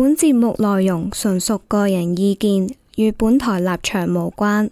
本節目內容純屬個人意見，與本台立場無關。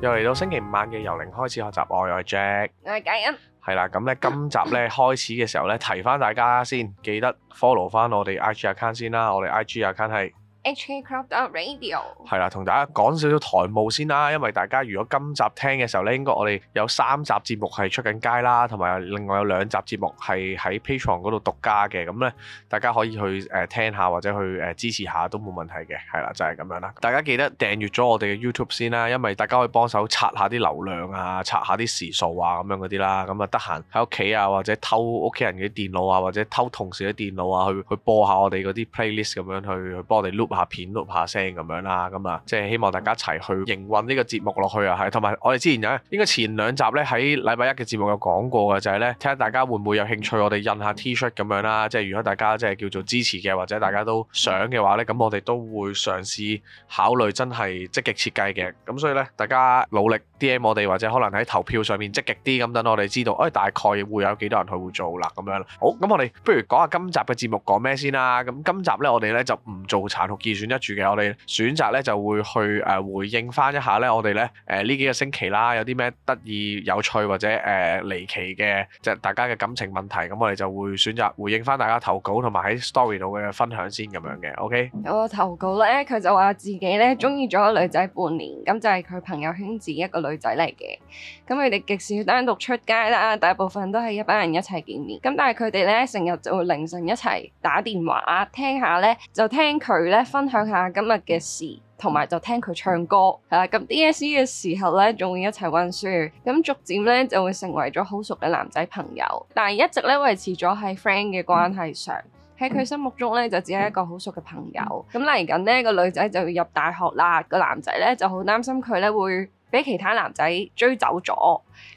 又嚟到星期五晚嘅由零開始學習愛，我係 Jack，我係嘉欣。係啦，咁呢今集呢開始嘅時候呢，提翻大家先，記得 follow 翻我哋 IG account 先啦，我哋 IG account 係 HKcrop Radio。係啦，同大家講少少台務先啦，因為大家如果今集聽嘅時候呢，應該我哋有三集節目係出緊街啦，同埋另外有兩集節目係喺 Patreon 嗰度獨家嘅，咁呢，大家可以去誒、呃、聽下或者去誒、呃、支持下都冇問題嘅，係啦就係、是、咁樣啦。大家記得訂閲咗我哋嘅 YouTube 先啦，因為大家可以幫手刷下啲流量啊，刷下啲時數啊咁樣嗰啲啦。咁啊得閒喺屋企啊，或者偷屋企人嘅電腦啊，或者偷同事嘅電腦啊，去去播下我哋嗰啲 playlist 咁樣去去幫我哋 loop 拍片都拍聲咁樣啦，咁啊，即係希望大家一齊去營運呢個節目落去啊，係。同埋我哋之前有應該前兩集咧喺禮拜一嘅節目有講過嘅，就係咧，睇下大家會唔會有興趣，我哋印下 T-shirt 咁樣啦。即係如果大家即係叫做支持嘅，或者大家都想嘅話咧，咁我哋都會嘗試考慮真係積極設計嘅。咁所以咧，大家努力 DM 我哋，或者可能喺投票上面積極啲，咁等我哋知道，哎，大概會有幾多人去會做啦，咁樣好，咁我哋不如講下今集嘅節目講咩先啦。咁今集咧，我哋咧就唔做殘酷。自選一住嘅，我哋選擇咧就會去誒回應翻一下咧，我哋咧誒呢幾個星期啦，有啲咩得意、有趣或者誒離奇嘅，即係大家嘅感情問題，咁我哋就會選擇回應翻大家投稿同埋喺 story 度嘅分享先咁樣嘅。OK，有個投稿咧，佢就話自己咧中意咗女仔半年，咁就係佢朋友圈自己一個女仔嚟嘅。咁佢哋極少單獨出街啦，大部分都係一班人一齊見面。咁但係佢哋咧成日就會凌晨一齊打電話，聽下咧就聽佢咧。分享下今日嘅事，同埋就聽佢唱歌，係啦。咁 DSE 嘅時候呢，仲會一齊溫書，咁逐漸呢就會成為咗好熟嘅男仔朋友。但係一直呢維持咗喺 friend 嘅關係上，喺佢心目中呢，就只係一個好熟嘅朋友。咁嚟緊呢個女仔就要入大學啦，個男仔呢就好擔心佢呢會俾其他男仔追走咗，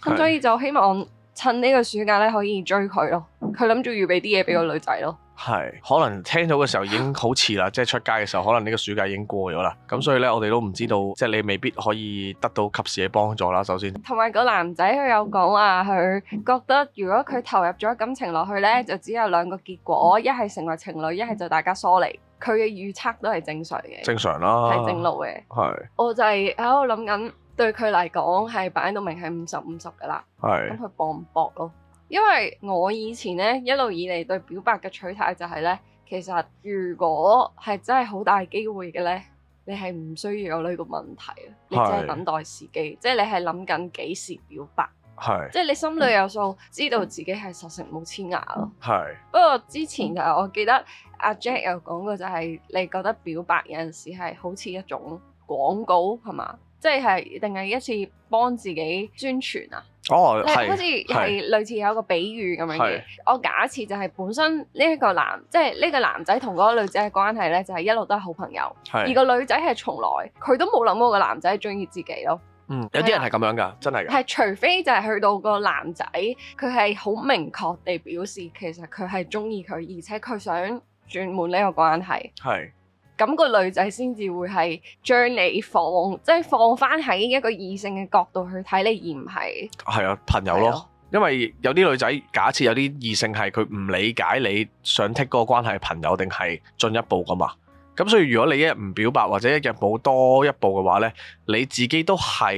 咁是所以就希望趁呢個暑假呢可以追佢咯。佢諗住預備啲嘢俾個女仔咯。係，可能聽到嘅時候已經好遲啦， 即係出街嘅時候，可能呢個暑假已經過咗啦。咁所以呢，我哋都唔知道，即係你未必可以得到及時嘅幫助啦。首先，同埋個男仔佢有講話，佢覺得如果佢投入咗感情落去呢，就只有兩個結果，一係、嗯、成為情侶，一係就大家疏離。佢嘅預測都係正常嘅，正常啦，係正路嘅。係是，我就係喺度諗緊，對佢嚟講係擺到明係五十五十嘅啦。係是，咁佢搏唔搏咯？因為我以前咧一路以嚟對表白嘅取態就係咧，其實如果係真係好大機會嘅咧，你係唔需要有呢個問題啊，即係等待時機，是即係你係諗緊幾時表白，是即係你心裏有數，知道自己係實食冇黐牙咯。係是。不過之前就我記得阿 Jack 有講過，就係你覺得表白有陣時係好似一種廣告係嘛，即係定係一次幫自己宣傳啊？哦，好似係類似有一個比喻咁樣嘅。係，我假設就係本身呢一個男，即係呢個男仔同嗰個女仔嘅關係咧，就係、係、一路都係好朋友。係係。而個女仔係從來佢都冇諗過個男仔係鍾意自己咯。嗯，有啲人係咁樣㗎，啊、真係。係，除非就係去到個男仔，佢係好明確地表示其實佢係鍾意佢，而且佢想轉換呢個關係。係。咁個女仔先至會係將你放，即係放翻喺一個異性嘅角度去睇你，而唔係係啊朋友咯。因為有啲女仔，假設有啲異性係佢唔理解你想剔嗰個關係朋友定係進一步噶嘛。咁所以如果你一日唔表白或者一日冇多一步嘅話呢，你自己都係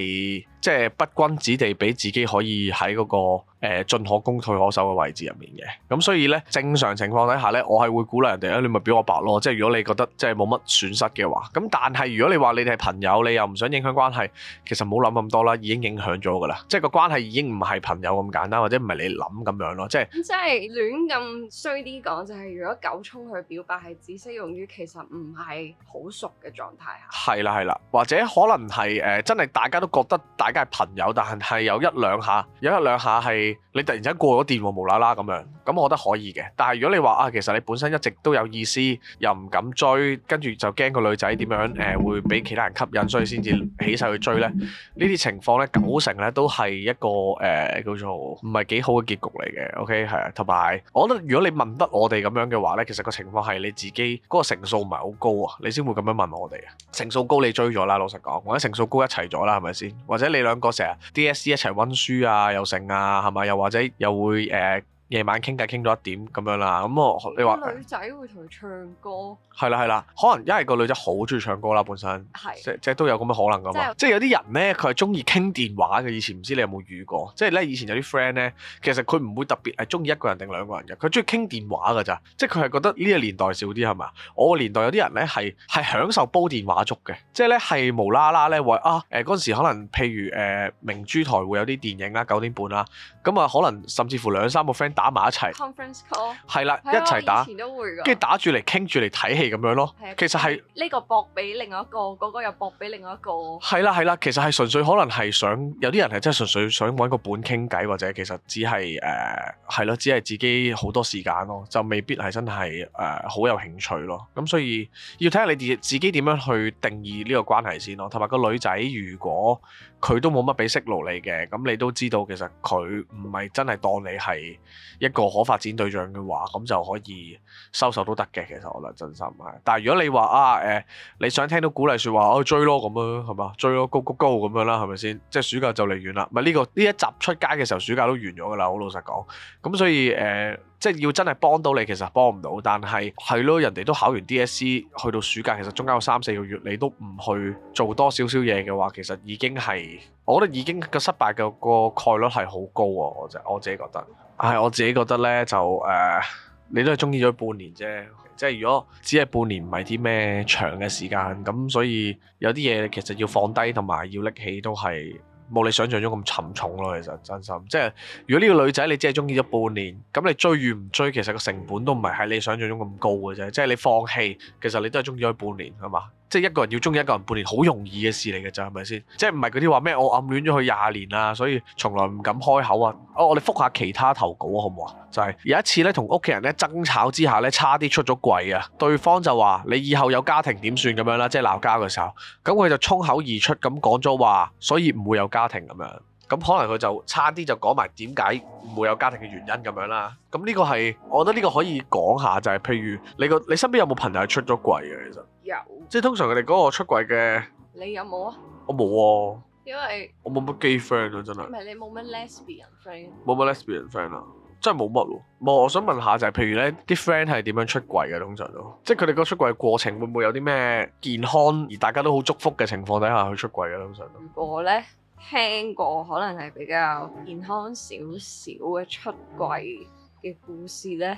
即係不君子地俾自己可以喺嗰個。誒進可攻退可守嘅位置入面嘅，咁所以呢，正常情況底下呢，我係會鼓勵人哋咧，你咪表我白咯，即係如果你覺得即係冇乜損失嘅話，咁但係如果你話你哋係朋友，你又唔想影響關係，其實冇諗咁多啦，已經影響咗㗎啦，即係個關係已經唔係朋友咁簡單，或者唔係你諗咁樣咯，即係即係亂咁衰啲講就係、是，如果狗衝佢表白係只適用於其實唔係好熟嘅狀態下，係啦係啦，或者可能係誒、呃、真係大家都覺得大家係朋友，但係有一兩下有一兩下係。你突然間過咗電喎，無啦啦咁樣，咁我覺得可以嘅。但係如果你話啊，其實你本身一直都有意思，又唔敢追，跟住就驚個女仔點樣誒、呃，會俾其他人吸引，所以先至起勢去追呢。呢啲情況呢，九成呢都係一個誒、呃，叫做唔係幾好嘅結局嚟嘅。OK，係啊，同埋，我覺得如果你問得我哋咁樣嘅話呢，其實個情況係你自己嗰個成數唔係好高啊，你先會咁樣問我哋啊。成數高你追咗啦，老實講，或者成數高一齊咗啦，係咪先？或者你兩個成日 DSE 一齊溫書啊，又剩啊，又或者又會誒、呃夜晚傾偈傾咗一點咁樣啦，咁我你話女仔會同佢唱歌？係啦係啦，可能因為個女仔好中意唱歌啦本身，即即都有咁嘅可能噶嘛。即有啲人呢，佢係中意傾電話嘅。以前唔知你有冇遇過？即呢，以前有啲 friend 呢，其實佢唔會特別係中意一個人定兩個人嘅，佢中意傾電話㗎咋。即佢係覺得呢個年代少啲係咪？我個年代有啲人呢，係係享受煲電話粥嘅，即呢，係無啦啦呢，話啊誒嗰陣時可能譬如誒明珠台會有啲電影啦，九點半啦，咁啊可能甚至乎兩三個 friend。打埋一齊，Conference Call，係啦，一齊打，跟住打住嚟傾住嚟睇戲咁樣咯。的其實係呢個博俾另一個，嗰個又博俾另一個。係啦係啦，其實係純粹可能係想有啲人係真係純粹想揾個伴傾偈，或者其實只係誒係咯，只係自己好多時間咯，就未必係真係誒好有興趣咯。咁所以要睇下你哋自己點樣去定義呢個關係先咯。同埋個女仔如果，佢都冇乜俾訊號你嘅，咁你都知道其實佢唔係真係當你係一個可發展對象嘅話，咁就可以收手都得嘅。其實我覺得真心係。但係如果你話啊，誒、呃、你想聽到鼓勵説話，我追咯咁樣，係嘛？追咯，高高高咁樣啦，係咪先？即係暑假就嚟完啦，唔係呢個呢一集出街嘅時候，暑假都完咗㗎啦。好老實講，咁所以誒。呃即係要真係幫到你，其實幫唔到。但係係咯，人哋都考完 DSE 去到暑假，其實中間有三四個月，你都唔去做多少少嘢嘅話，其實已經係我覺得已經個失敗嘅個概率係好高啊！我自己覺得，係、哎、我自己覺得呢，就誒、呃，你都係中意咗半年啫。即係如果只係半年，唔係啲咩長嘅時間咁，所以有啲嘢其實要放低同埋要拎起都係。冇你想像中咁沉重囉，其實真心，即係如果呢個女仔你只係鍾意咗半年，咁你追與唔追，其實個成本都唔係喺你想像中咁高嘅啫，即係你放棄，其實你都係鍾意咗半年，係嘛？即係一個人要中意一個人半年，好容易嘅事嚟嘅咋，係咪先？即係唔係嗰啲話咩？我暗戀咗佢廿年啦，所以從來唔敢開口啊！哦，我哋覆下其他投稿好唔好啊？就係有一次咧，同屋企人咧爭吵之下咧，差啲出咗櫃啊！對方就話：你以後有家庭點算咁樣啦？即係鬧交嘅時候，咁佢就衝口而出咁講咗話，所以唔會有家庭咁樣。咁可能佢就差啲就講埋點解唔會有家庭嘅原因咁樣啦。咁呢個係，我覺得呢個可以講下，就係、是、譬如你個你身邊有冇朋友係出咗櫃嘅其實？有。即係通常佢哋嗰個出櫃嘅。你有冇啊？我冇啊。因為我冇乜 gay friend 啊，真係。唔係你冇乜 lesbian friend？冇乜 lesbian friend 啊，真係冇乜咯。冇，我想問下就係、是、譬如咧啲 friend 係點樣出櫃嘅？通常都，即係佢哋個出櫃過程會唔會有啲咩健康而大家都好祝福嘅情況底下去出櫃嘅？通常都。我咧，聽過可能係比較健康少少嘅出櫃嘅故事呢。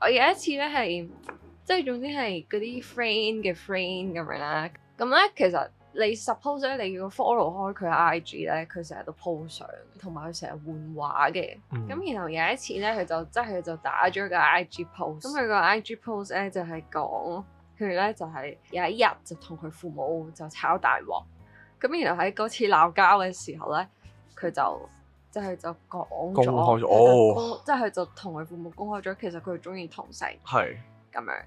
我有一次呢，係即係總之係嗰啲 friend 嘅 friend 咁樣啦。咁呢，其實你 suppose 呢，你要 follow 開佢 IG 呢，佢成日都 po 相，同埋佢成日換畫嘅。咁然後有一次呢，佢就即係就打咗個 IG post。咁佢個 IG post 呢，就係講佢呢，就係有一日就同佢父母就炒大鑊。咁然後喺嗰次鬧交嘅時候咧，佢就即係就講、是、咗，即係佢就同佢父母公開咗，其實佢中意同性。係咁是樣。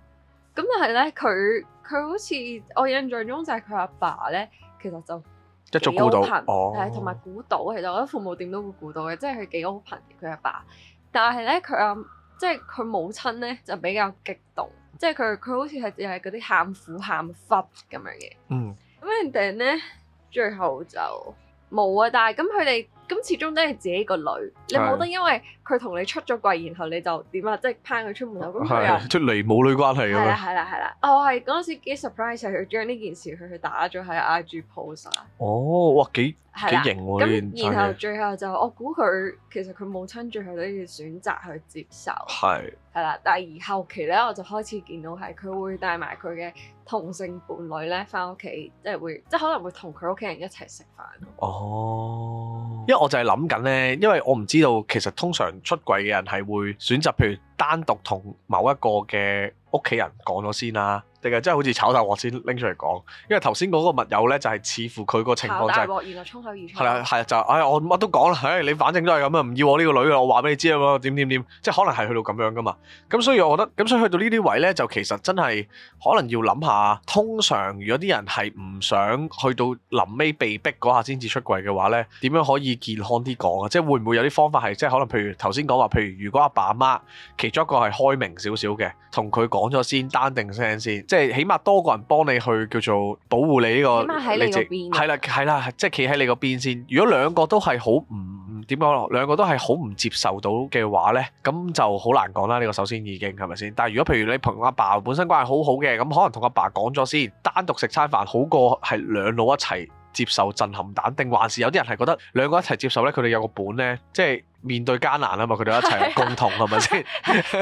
咁但係咧，佢佢好似我印象中就係佢阿爸咧，其實就 open，一早估到，係同埋估到。哦、其實我覺得父母點都會估到嘅，即係佢幾 open，佢阿爸。但係咧，佢阿即係佢母親咧，就比較激動，即係佢佢好似係又係嗰啲喊苦喊忽咁樣嘅。嗯。咁人哋然咧～最後就冇啊，但係咁佢哋咁始終都係自己個女，你冇得因為佢同你出咗櫃，然後你就點啊？即係拋佢出門口咁又出嚟母女關係咁啊？係啦係啦，我係嗰陣時幾 surprise，佢將呢件事佢去打咗喺 IG post 啊。哦，哇幾幾型喎！然後最後就我估佢其實佢母親最後都要選擇去接受，係係啦。但係而後期咧我就開始見到係佢會帶埋佢嘅。同性伴侶呢返屋企，即係會，即係可能會同佢屋企人一齊食飯。哦，因為我就係諗緊呢，因為我唔知道其實通常出軌嘅人係會選擇譬如單獨同某一個嘅。屋企人講咗先啦，定係真係好似炒大鑊先拎出嚟講？因為頭先嗰個麥友咧，就係似乎佢個情況就係炒大鑊，原來衝口而出。係啦，係啦，就唉，我乜都講啦，唉，你反正都係咁啊，唔要我呢個女啦，我話俾你知咯，點點點，即係可能係去到咁樣噶嘛。咁所以我覺得，咁所以去到呢啲位咧，就其實真係可能要諗下。通常如果啲人係唔想去到臨尾被逼嗰下先至出櫃嘅話咧，點樣可以健康啲講啊？即係會唔會有啲方法係即係可能譬如頭先講話，譬如如果阿爸阿媽其中一個係開明少少嘅，同佢講。講咗先，單定聲先，即係起碼多個人幫你去叫做保護你呢個，起碼喺你邊，係啦係啦，即係企喺你個邊先。如果兩個都係好唔點講咯，兩個都係好唔接受到嘅話咧，咁就好難講啦。呢個首先已經係咪先？但係如果譬如你同阿爸本身關係好好嘅，咁可能同阿爸講咗先，單獨食餐飯好過係兩老一齊。接受震撼彈定，還是有啲人係覺得兩個一齊接受咧，佢哋有個本咧，即係面對艱難啊嘛，佢哋一齊共同係咪先？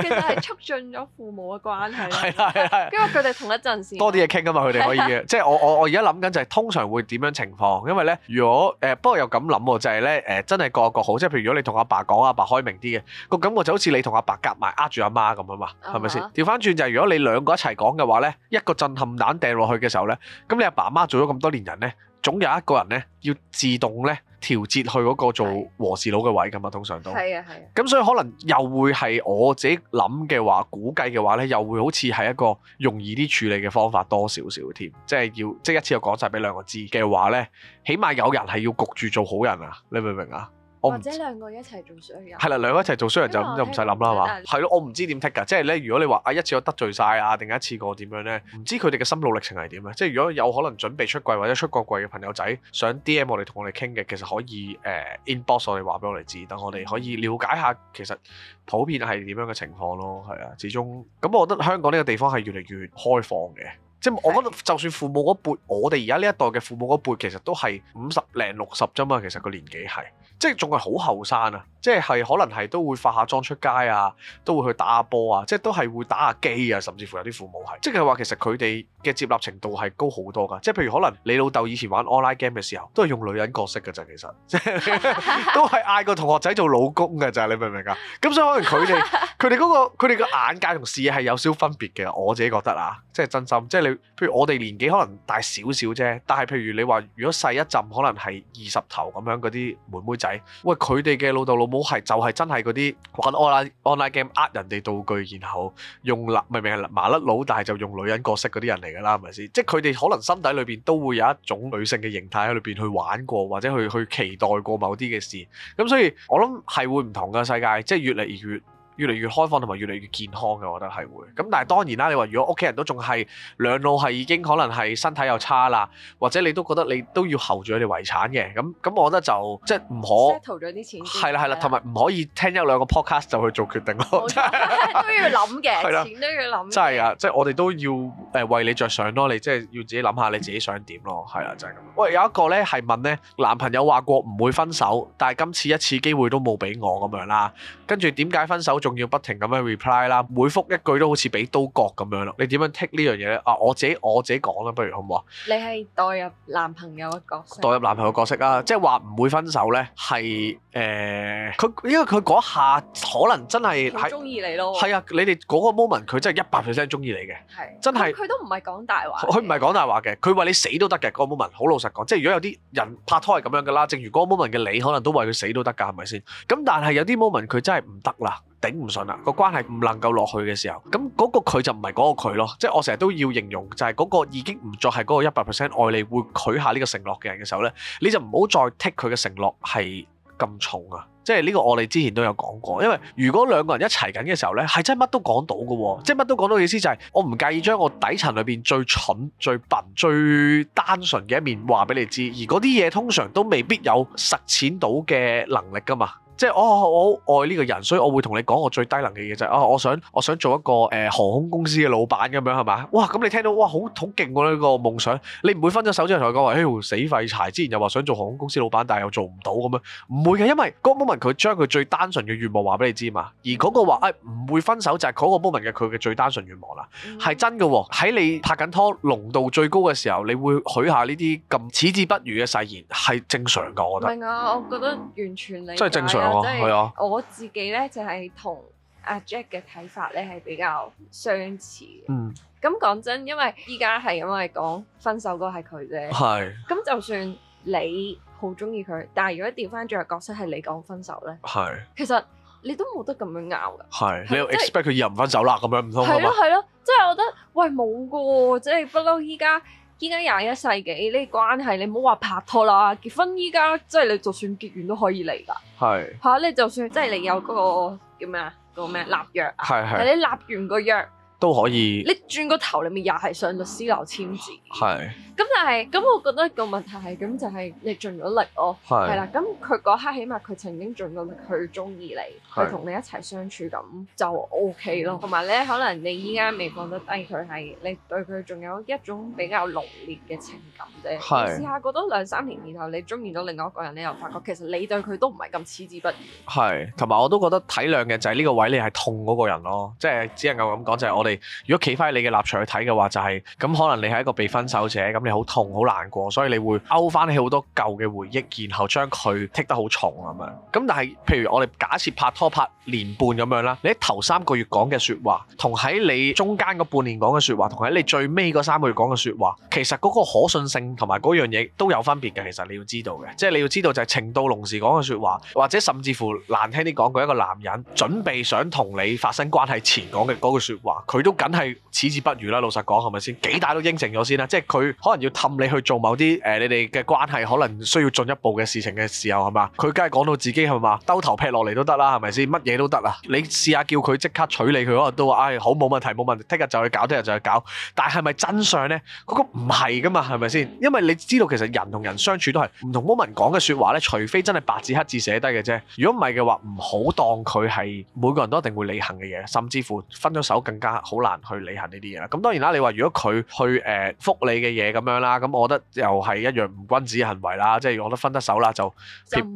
其實係促進咗父母嘅關係。係係係。因為佢哋同一陣時，多啲嘢傾啊嘛，佢哋可以嘅。即係我我我而家諗緊就係通常會點樣情況？因為咧，如果誒不過又咁諗就係咧誒，真係個個好，即係譬如如果你同阿爸講，阿爸開明啲嘅個感覺就好似你同阿爸夾埋呃住阿媽咁啊嘛，係咪先？調翻轉就係如果你兩個一齊講嘅話咧，一個震撼彈掟落去嘅時候咧，咁你阿爸阿媽做咗咁多年人咧。總有一個人咧，要自動咧調節去嗰個做和事佬嘅位㗎嘛，通常都係啊係。咁所以可能又會係我自己諗嘅話，估計嘅話咧，又會好似係一個容易啲處理嘅方法多少少添，即係要即係一次又講晒俾兩個知嘅話咧，起碼有人係要焗住做好人啊，你明唔明啊？或者兩個一齊做衰人，係啦，兩個一齊做衰人就咁就唔使諗啦嘛。係咯但，我唔知點剔㗎，即係咧，如果你話啊一次我得罪晒啊，定一次過點樣咧？唔知佢哋嘅心路歷程係點咧？即係如果有可能準備出櫃或者出過櫃嘅朋友仔想 D M 我哋同我哋傾嘅，其實可以誒、呃、inbox 我哋話俾我哋知，等我哋可以了解下其實普遍係點樣嘅情況咯。係啊，始終咁我覺得香港呢個地方係越嚟越開放嘅。即係我覺得，就算父母嗰輩，我哋而家呢一代嘅父母嗰輩其，其實都係五十零六十啫嘛。其實個年紀係，即係仲係好後生啊！即係係可能係都會化下妝出街啊，都會去打下波啊，即係都係會打下機啊，甚至乎有啲父母係，即係話其實佢哋嘅接納程度係高好多噶。即係譬如可能你老豆以前玩 online game 嘅時候，都係用女人角色㗎咋，其實，即係都係嗌個同學仔做老公㗎咋，你明唔明啊？咁所以可能佢哋佢哋嗰個佢哋個眼界同視野係有少分別嘅，我自己覺得啊，即係真心，即係你。譬如我哋年紀可能大少少啫，但係譬如你話，如果細一陣，可能係二十頭咁樣嗰啲妹妹仔，喂，佢哋嘅老豆老母係就係真係嗰啲玩 online online game 呃人哋道具，然後用泥，明明係麻甩佬，但係就用女人角色嗰啲人嚟㗎喇，係咪先？即係佢哋可能心底裏邊都會有一種女性嘅形態喺裏邊去玩過，或者去去期待過某啲嘅事。咁所以我，我諗係會唔同嘅世界，即係越嚟越。越嚟越開放同埋越嚟越健康嘅，我覺得係會。咁但係當然啦，你話如果屋企人都仲係兩老係已經可能係身體又差啦，或者你都覺得你都要候住佢哋遺產嘅，咁咁我覺得就即係唔可投咗啲錢，係啦係啦，同埋唔可以聽一兩個 podcast 就去做決定咯，都要諗嘅，錢都要諗嘅。即係啊，即係我哋都要誒為你着想咯，你即係要自己諗下你自己想點咯，係啊，就係咁。喂，有一個咧係問咧，男朋友話過唔會分手，但係今次一次機會都冇俾我咁樣啦，跟住點解分手？仲要不停咁樣 reply 啦，每覆一句都好似俾刀割咁樣咯。你點樣 take 呢樣嘢咧？啊，我自己我自己講啦，不如好唔好？你係代入男朋友角色？代入男朋友角色啊，即係話唔會分手咧，係誒，佢因為佢嗰下可能真係中意你咯，係啊，你哋嗰個 moment 佢真係一百 percent 中意你嘅，係真係佢都唔係講大話，佢唔係講大話嘅，佢話你死都得嘅嗰 moment，好老實講，即係如果有啲人拍拖係咁樣噶啦，正如嗰 moment 嘅你，可能都話佢死都得㗎，係咪先？咁但係有啲 moment 佢真係唔得啦。頂唔順啦，個關係唔能夠落去嘅時候，咁嗰個佢就唔係嗰個佢咯，即係我成日都要形容就係嗰個已經唔再係嗰個一百 percent 愛你會許下呢個承諾嘅人嘅時候呢，你就唔好再 take 佢嘅承諾係咁重啊！即係呢個我哋之前都有講過，因為如果兩個人一齊緊嘅時候呢，係真乜都講到嘅喎，即係乜都講到嘅意思就係我唔介意將我底層裏邊最蠢、最笨、最單純嘅一面話俾你知，而嗰啲嘢通常都未必有實踐到嘅能力噶嘛。即係哦，我好愛呢個人，所以我會同你講我最低能嘅嘢就係、是、啊，我想我想做一個誒、呃、航空公司嘅老闆咁樣係嘛？哇，咁你聽到哇好好勁喎呢個夢想，你唔會分咗手之後同佢講話，死廢柴！之前又話想做航空公司老闆，但係又做唔到咁樣，唔會嘅，因為嗰個 moment 佢將佢最單純嘅願望話俾你知嘛。而嗰個話誒唔會分手就係嗰個 moment 嘅佢嘅最單純願望啦，係、嗯、真噶喎、啊。喺你拍緊拖濃度最高嘅時候，你會許下呢啲咁矢志不渝嘅誓言，係正常噶，我覺得。明啊，我覺得完全你。真係正常。係、啊啊，我自己咧就係同阿 Jack 嘅睇法咧係比較相似嘅。嗯，咁講真，因為依家係因為講分手歌係佢啫。係是。咁就算你好中意佢，但係如果調翻轉個角色係你講分手咧，係是。其實你都冇得咁樣拗嘅。係是，吧你要 expect 佢又唔分手啦？咁樣唔通啊？係咯係咯，即係我覺得喂冇噶，即係不嬲依家。依家廿一世紀呢，關係，你唔好話拍拖啦，結婚依家即係你就算結完都可以嚟㗎，係嚇是、啊、你就算即係你有嗰、那個叫咩、那個、啊，是是那個咩立約，係你立完個約，都可以，你轉個頭，裡面又係上律師樓簽字，係是。咁但係，咁我覺得個問題係，咁就係、是、你盡咗力咯、哦，係啦是。咁佢嗰刻起碼佢曾經盡咗力，佢中意你，佢同是你一齊相處咁就 O、OK、K 咯。同埋咧，可能你依家未放得低，佢係你對佢仲有一種比較濃烈嘅情感啫。係是。試下過多兩三年以後，你中意到另外一個人，你又發覺其實你對佢都唔係咁矢志不渝。係。同埋我都覺得體諒嘅就係呢個位你係痛嗰個人咯，即、就、係、是、只能夠咁講，就係我哋。如果企翻你嘅立場去睇嘅話，就是，就係咁可能你係一個被分手者，咁你好痛好難過，所以你會勾翻起好多舊嘅回憶，然後將佢剔得好重咁樣。咁但係譬如我哋假設拍拖拍年半咁樣啦，你喺頭三個月講嘅説話，同喺你中間嗰半年講嘅説話，同喺你最尾嗰三個月講嘅説話，其實嗰個可信性同埋嗰樣嘢都有分別嘅。其實你要知道嘅，即係你要知道就係情到濃時講嘅説話，或者甚至乎難聽啲講句，一個男人準備想同你發生關係前講嘅嗰句説話，佢。都梗係矢志不渝啦，老實講係咪先？幾大都應承咗先啦，即係佢可能要氹你去做某啲誒、呃，你哋嘅關係可能需要進一步嘅事情嘅時候係嘛？佢梗係講到自己係嘛，兜頭劈落嚟都得啦，係咪先？乜嘢都得啊！你試下叫佢即刻娶你，可能都話：，唉、哎，好，冇問題，冇問題，聽日就去搞，聽日就,就去搞。但係咪真相呢？嗰、那個唔係噶嘛，係咪先？因為你知道其實人同人相處都係唔同 moment 講嘅說話呢，除非真係白紙黑字寫低嘅啫。如果唔係嘅話，唔好當佢係每個人都一定會履行嘅嘢，甚至乎分咗手更加。好難去履行呢啲嘢啦，咁當然啦，你話如果佢去誒覆、呃、你嘅嘢咁樣啦，咁我覺得又係一樣唔君子嘅行為啦，即係我覺得分得手啦，就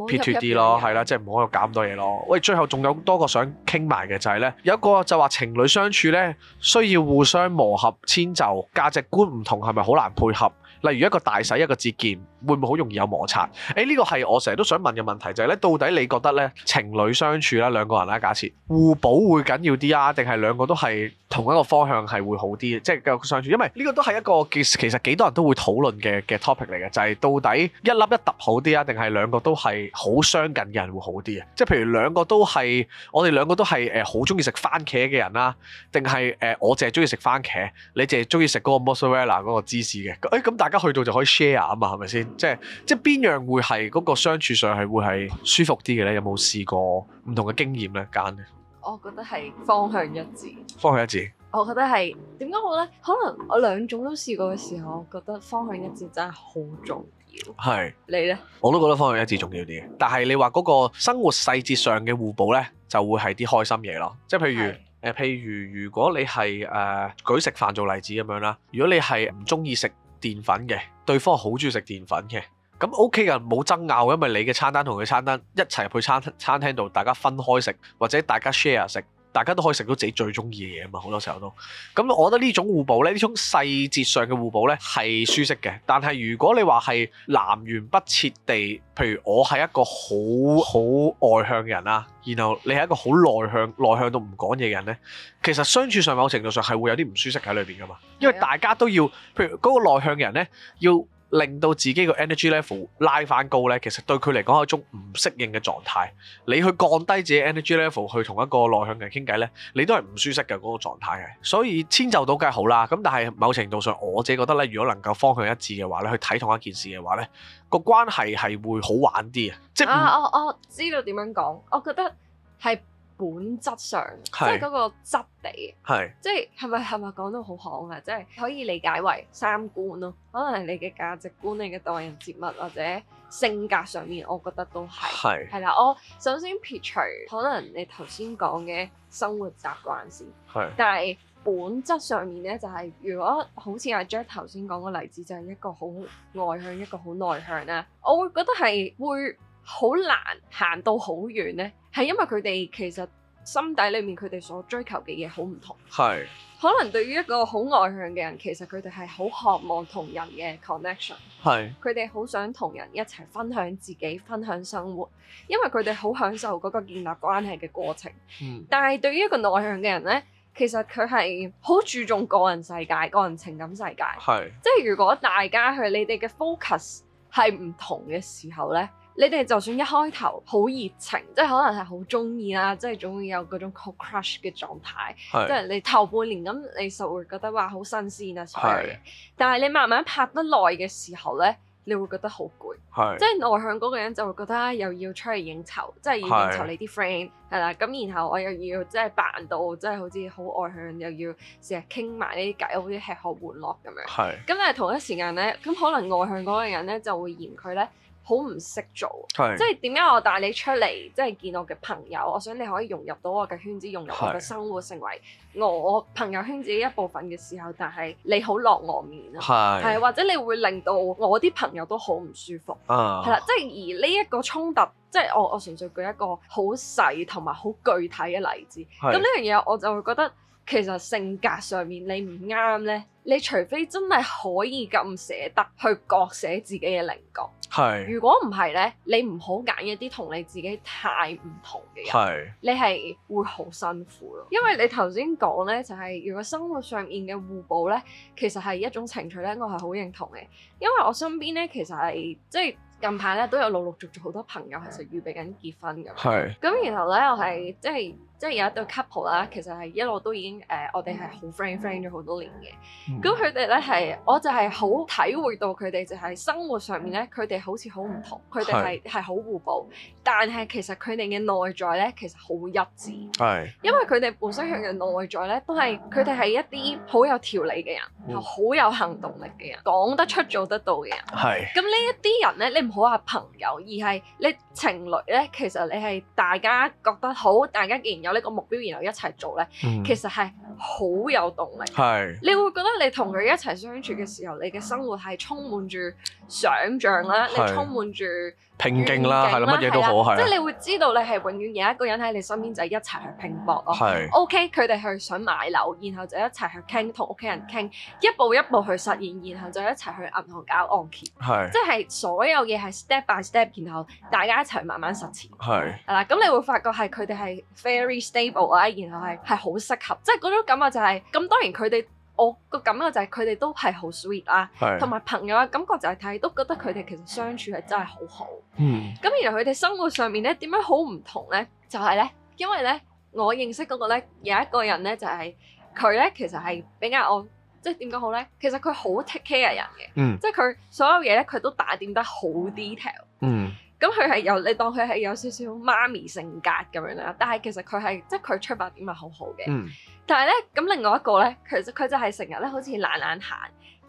撇脱啲咯，係啦，了即係唔好又搞咁多嘢咯。喂的，最後仲有多個想傾埋嘅就係呢：有一個就話情侶相處呢，需要互相磨合遷就，價值觀唔同係咪好難配合？例如一個大洗一個節儉，會唔會好容易有摩擦？誒呢個係我成日都想問嘅問題，就係咧，到底你覺得咧，情侶相處啦，兩個人啦，假設互補會緊要啲啊，定係兩個都係同一個方向係會好啲？即係繼續相處，因為呢個都係一個其實幾多人都會討論嘅嘅 topic 嚟嘅，就係到底一粒一揼好啲啊，定係兩個都係好相近嘅人會好啲啊？即係譬如兩個都係我哋兩個都係誒好中意食番茄嘅人啦，定係誒我淨係中意食番茄，你淨係中意食嗰個 mozzarella 嗰個芝士嘅？誒咁大家去到就可以 share 啊嘛，係咪先？即係即係邊樣會係嗰個相處上係會係舒服啲嘅咧？有冇試過唔同嘅經驗咧？間？我覺得係方向一致，方向一致。我覺得係點解？我咧？可能我兩種都試過嘅時候，我覺得方向一致真係好重要。係你咧？我都覺得方向一致重要啲嘅，但係你話嗰個生活細節上嘅互補咧，就會係啲開心嘢咯。即係譬如誒，譬如如果你係誒舉食飯做例子咁樣啦，如果你係唔中意食。澱粉嘅，對方好鍾意食澱粉嘅，咁 O K 嘅，冇爭拗，因為你嘅餐單同佢餐單一齊入去餐餐廳度，大家分開食，或者大家 share 食。大家都可以食到自己最中意嘅嘢啊嘛，好多時候都。咁我覺得呢種互補咧，呢種細節上嘅互補咧係舒適嘅。但係如果你話係南轅北轍地，譬如我係一個好好外向嘅人啦、啊，然後你係一個好內向、內向到唔講嘢嘅人咧，其實相處上某程度上係會有啲唔舒適喺裏邊噶嘛。因為大家都要，譬如嗰個內向嘅人咧要。令到自己個 energy level 拉返高呢，其實對佢嚟講係一種唔適應嘅狀態。你去降低自己 energy level 去同一個內向嘅人傾偈呢，你都係唔舒適嘅嗰個狀態嘅。所以遷就到梗係好啦。咁但係某程度上，我自己覺得呢，如果能夠方向一致嘅話呢，去睇同一件事嘅話呢，個關係係會好玩啲嘅。即係啊，我我知道點樣講，我覺得係。本質上，是即係嗰個質地，是即係係咪係咪講得好巷啊？即係可以理解為三觀咯，可能係你嘅價值觀、你嘅待人接物或者性格上面，我覺得都係係是啦。我首先撇除可能你頭先講嘅生活習慣先，是但係本質上面咧，就係、是、如果好似阿 Jack 頭先講個例子，就係、是、一個好外向一個好內向咧，我會覺得係會。好難行到好遠呢，係因為佢哋其實心底裏面佢哋所追求嘅嘢好唔同，係是可能對於一個好外向嘅人，其實佢哋係好渴望同人嘅 connection，係佢哋好是想同人一齊分享自己、分享生活，因為佢哋好享受嗰個建立關係嘅過程。嗯，但係對於一個內向嘅人呢，其實佢係好注重個人世界、個人情感世界，係是即係如果大家去你哋嘅 focus 係唔同嘅時候呢。你哋就算一開頭好熱情，即係可能係好鍾意啦，即係總會有嗰種 crush 嘅狀態。是即係你頭半年咁，你就會覺得話好新鮮啊，所有是但係你慢慢拍得耐嘅時候呢，你會覺得好攰。是即係外向嗰個人就會覺得又要出去應酬，即係要應酬你啲 friend 係啦。咁是然後我又要即係扮到即係好似好外向，又要成日傾埋呢啲偈，好似吃喝玩樂咁樣。係是。咁但係同一時間呢，咁可能外向嗰個人呢，就會嫌佢呢。好唔識做，是即係點解我帶你出嚟，即係見我嘅朋友。我想你可以融入到我嘅圈子，融入我嘅生活，成為是我朋友圈子一部分嘅時候，但係你好落我面咯，係是，或者你會令到我啲朋友都好唔舒服，係啦、啊，即係而呢一個衝突，即係我我純粹舉一個好細同埋好具體嘅例子。咁呢是樣嘢我就會覺得。其實性格上面你唔啱呢，你除非真係可以咁捨得去割捨自己嘅稜角。係是，如果唔係呢，你唔好揀一啲同你自己太唔同嘅人。是你係會好辛苦咯。因為你頭先講呢，就係如果生活上面嘅互補呢，其實係一種情趣呢，我係好認同嘅。因為我身邊呢，其實係即係。就是近排咧都有陸陸續續好多朋友其實預備緊結婚咁，咁是然後咧又係即係即係有一對 couple 啦，其實係一路都已經誒、呃，我哋係好 friend friend 咗好多年嘅。咁佢哋咧係，我就係好體會到佢哋就係、是、生活上面咧，佢哋好似好唔同，佢哋係係好互補，但係其實佢哋嘅內在咧其實好一致。係是因為佢哋本身佢嘅內在咧都係，佢哋係一啲好有條理嘅人，又好、嗯、有行動力嘅人，講得出做得到嘅人。係咁是呢一啲人咧，你。唔好啊，朋友、嗯，而係你情侶咧。其實你係大家覺得好，大家既然有呢個目標，然後一齊做咧，其實係。好有動力，係是你會覺得你同佢一齊相處嘅時候，你嘅生活係充滿住想像啦，是你充滿住拼勁啦，係乜嘢都好係、啊啊，即係你會知道你係永遠有一個人喺你身邊就一齊去拼搏咯。OK 佢哋去想買樓，然後就一齊去傾，同屋企人傾，一步一步去實現，然後就一齊去銀行搞按揭，係是，即係所有嘢係 step by step，然後大家一齊慢慢實踐，係是，係啦、啊，咁你會發覺係佢哋係 very stable 啊，然後係係好適合，即係嗰咁啊就係、是，咁當然佢哋，我個、啊、的感覺就係佢哋都係好 sweet 啦，同埋朋友嘅感覺就係睇都覺得佢哋其實相處係真係好好。咁然後佢哋生活上面咧，點樣好唔同咧？就係、是、咧，因為咧，我認識嗰個咧，有一個人咧就係佢咧，其實係比較我，即係點講好咧？其實佢好 take care 的人嘅，嗯、即係佢所有嘢咧，佢都打點得好 detail、嗯。咁佢係有，你當佢係有少少媽咪性格咁樣啦，但係其實佢係即係佢出發點係好好嘅。嗯但係咧，咁另外一個咧，其實佢就係成日咧，好似懶懶閒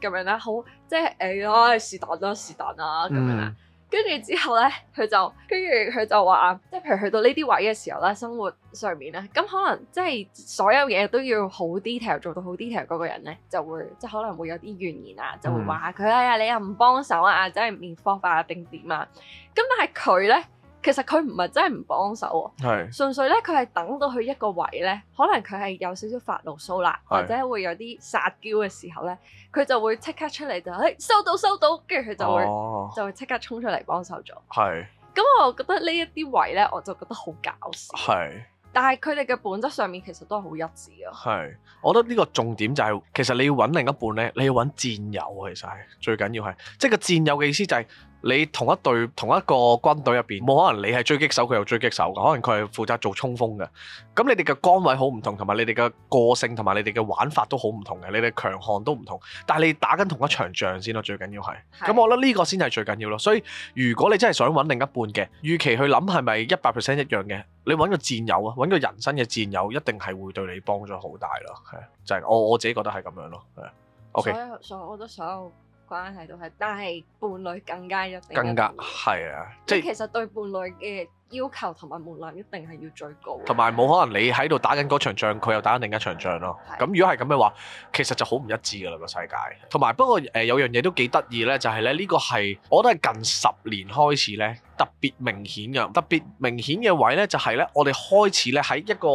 咁樣啦，好即係誒，我係是但啦，是但啦咁樣啦。跟住、嗯、之後咧，佢就跟住佢就話，即係譬如去到呢啲位嘅時候咧，生活上面咧，咁可能即係所有嘢都要好 detail 做到好 detail 嗰個人咧，就會即係可能會有啲怨言啊，就會話佢、嗯、哎呀，你又唔幫手啊，真係唔係方法定點啊。咁但係佢咧。其實佢唔係真係唔幫手，係純是粹，咧，佢係等到佢一個位，咧，可能佢係有少少發牢騷啦，是或者會有啲撒嬌嘅時候咧，佢就會即刻出嚟就誒，收到收到，跟住佢就會、哦、就即刻衝出嚟幫手咗。係咁是、嗯，我覺得呢一啲位咧，我就覺得好搞笑。係是，但係佢哋嘅本質上面其實都係好一致啊。係，我覺得呢個重點就係、是，其實你要搵另一半咧，你要搵戰友，其實係最緊要係，即係個戰友嘅意思就係、是。你同一隊同一個軍隊入邊，冇可能你係狙擊手，佢又狙擊手嘅。可能佢係負責做衝鋒嘅。咁你哋嘅崗位好唔同，同埋你哋嘅個性同埋你哋嘅玩法都好唔同嘅。你哋強項都唔同，但係你打緊同一場仗先咯，最緊要係。咁是我覺得呢個先係最緊要咯。所以如果你真係想揾另一半嘅，與其去諗係咪一百 percent 一樣嘅，你揾個戰友啊，揾個人生嘅戰友一定係會對你幫助好大咯。係就係、是、我我自己覺得係咁樣咯。係。OK。所有所關係都係，但係伴侶更加一定。更加係啊，即係其實對伴侶嘅要求同埋門檻一定係要最高。同埋冇可能你喺度打緊嗰場仗，佢又打緊另一場仗咯。咁、啊、如果係咁嘅話，其實就好唔一致噶啦個世界。同埋、啊、不過誒、呃，有樣嘢都幾得意咧，就係、是、咧呢、呢個係我覺得係近十年開始咧特別明顯嘅，特別明顯嘅位咧就係咧我哋開始咧喺一個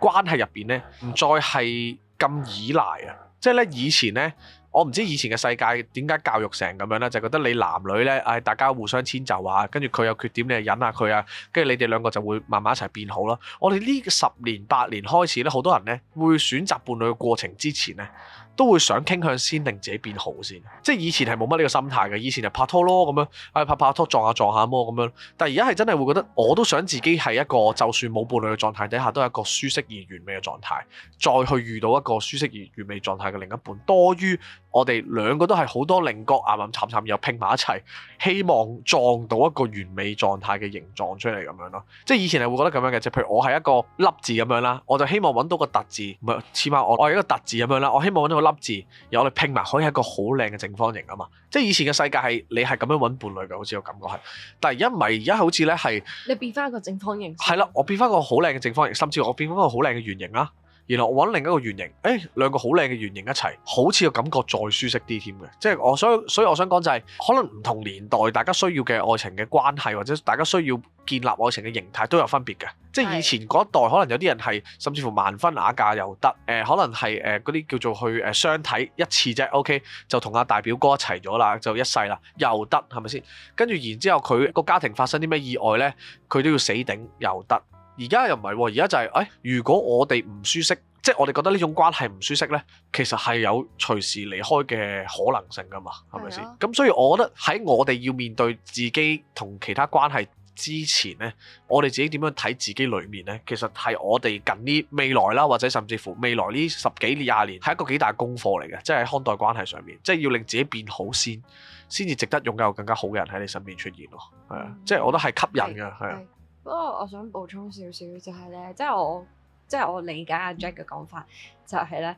關係入邊咧唔再係咁依賴啊，即係咧以前咧。我唔知以前嘅世界點解教育成咁樣咧，就覺得你男女咧，誒大家互相遷就啊，跟住佢有缺點你就忍下佢啊，跟住你哋兩個就會慢慢一齊變好啦。我哋呢十年八年開始咧，好多人咧會選擇伴侶嘅過程之前咧，都會想傾向先令自己變好先，即係以前係冇乜呢個心態嘅，以前就拍拖咯咁樣，誒拍拍拖撞下撞下咁咁樣。但係而家係真係會覺得我都想自己係一個，就算冇伴侶嘅狀態底下都係一個舒適而完美嘅狀態，再去遇到一個舒適而完美狀態嘅另一半，多於，我哋兩個都係好多棱角暗暗慘慘，然後拼埋一齊，希望撞到一個完美狀態嘅形狀出嚟咁樣咯。即係以前係會覺得咁樣嘅，即譬如我係一個凹字咁樣啦，我就希望揾到個凸字，唔係，起碼我我係一個凸字咁樣啦，我希望揾到個凹字，然後我哋拼埋可以係一個好靚嘅正方形啊嘛。即係以前嘅世界係你係咁樣揾伴侶嘅，好似個感覺係。但係而家唔係，而家好似咧係你變翻一個正方形。係啦，我變翻個好靚嘅正方形，甚至我變翻個好靚嘅圓形啦。然後我揾另一個圓形，誒、哎、兩個好靚嘅圓形一齊，好似個感覺再舒適啲添嘅，即係我所以所以我想講就係、是，可能唔同年代大家需要嘅愛情嘅關係，或者大家需要建立愛情嘅形態都有分別嘅，即係以前嗰一代可能有啲人係甚至乎盲婚啞嫁又得，誒、呃、可能係誒嗰啲叫做去誒相睇一次啫，OK 就同阿大表哥一齊咗啦，就一世啦，又得係咪先？跟住然之後佢個家庭發生啲咩意外呢？佢都要死頂又得。而家又唔係喎，而家就係、是，誒、哎，如果我哋唔舒適，即係我哋覺得呢種關係唔舒適呢，其實係有隨時離開嘅可能性㗎嘛，係咪先？咁、嗯、所以，我覺得喺我哋要面對自己同其他關係之前呢，我哋自己點樣睇自己裡面呢？其實係我哋近呢未來啦，或者甚至乎未來呢十幾年廿年，係一個幾大功課嚟嘅，即係喺看待關係上面，即係要令自己變好先，先至值得擁有更加好嘅人喺你身邊出現咯，係啊，嗯、即係我覺得係吸引嘅，係啊。不過我想補充少少，就係、是、咧，即係我即係我理解阿、啊、Jack 嘅講法，就係、是、咧，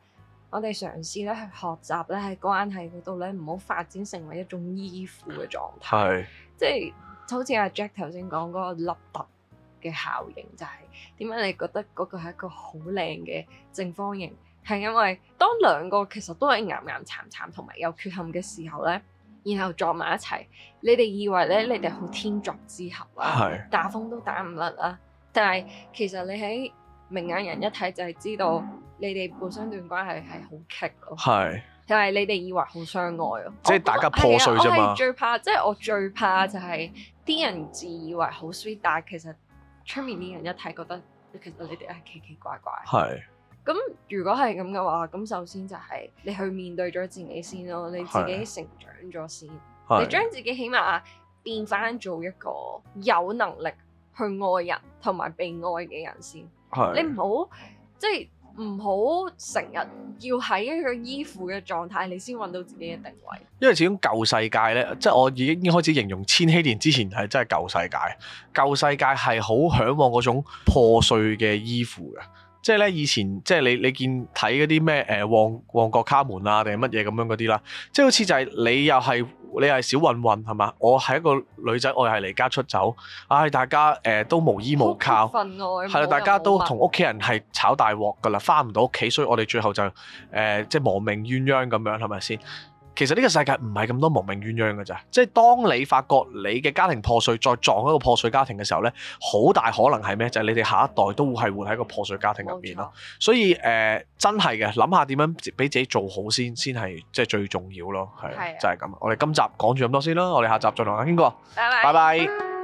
我哋嘗試咧去學習咧喺關係嗰度咧，唔好發展成為一種依附嘅狀態。即係是、就是、好似阿、啊、Jack 頭先講嗰個凹凸嘅效應、就是，就係點解你覺得嗰個係一個好靚嘅正方形，係因為當兩個其實都係岩岩殘殘同埋有缺陷嘅時候咧。然後撞埋一齊，你哋以為咧，你哋好天作之合啦，打風都打唔甩啊。但係其實你喺明眼人一睇就係、是、知道，你哋本身段關係係好劇咯。係是，就係你哋以為好相愛咯，即係大家破碎啫嘛。我係、啊、最怕，嗯、即係我最怕就係、是、啲人自以為好 sweet，但係其實出面啲人一睇覺得，其實你哋係奇奇怪怪。係。咁如果係咁嘅話，咁首先就係你去面對咗自己先咯，你自己成長咗先，的你將自己起碼變翻做一個有能力去愛人同埋被愛嘅人先。的你唔好即係唔好成日要喺、即係、一個依附嘅狀態，你先揾到自己嘅定位。因為始終舊世界呢，即係我已經開始形容千禧年之前係真係舊世界，舊世界係好向往嗰種破碎嘅依附嘅。即係咧，以前即係你你見睇嗰啲咩誒旺旺角卡門啊，定係乜嘢咁樣嗰啲啦？即係好似就係你又係你係小混混係嘛？我係一個女仔，我又係離家出走，唉、哎，大家誒、呃、都無依無靠，係啦、啊，大家都同屋企人係炒大鑊㗎啦，返唔到屋企，所以我哋最後就誒、呃、即係亡命鴛鴦咁樣係咪先？其實呢個世界唔係咁多亡命鴛鴦嘅咋，即係當你發覺你嘅家庭破碎，再撞一個破碎家庭嘅時候呢，好大可能係咩？就係、是、你哋下一代都會係活喺個破碎家庭入面咯。錯所以誒、呃，真係嘅，諗下點樣俾自己做好先，先係即係最重要咯。係就係、是、咁。的我哋今集講住咁多先啦，我哋下集再同傾過。軒哥，拜拜。Bye bye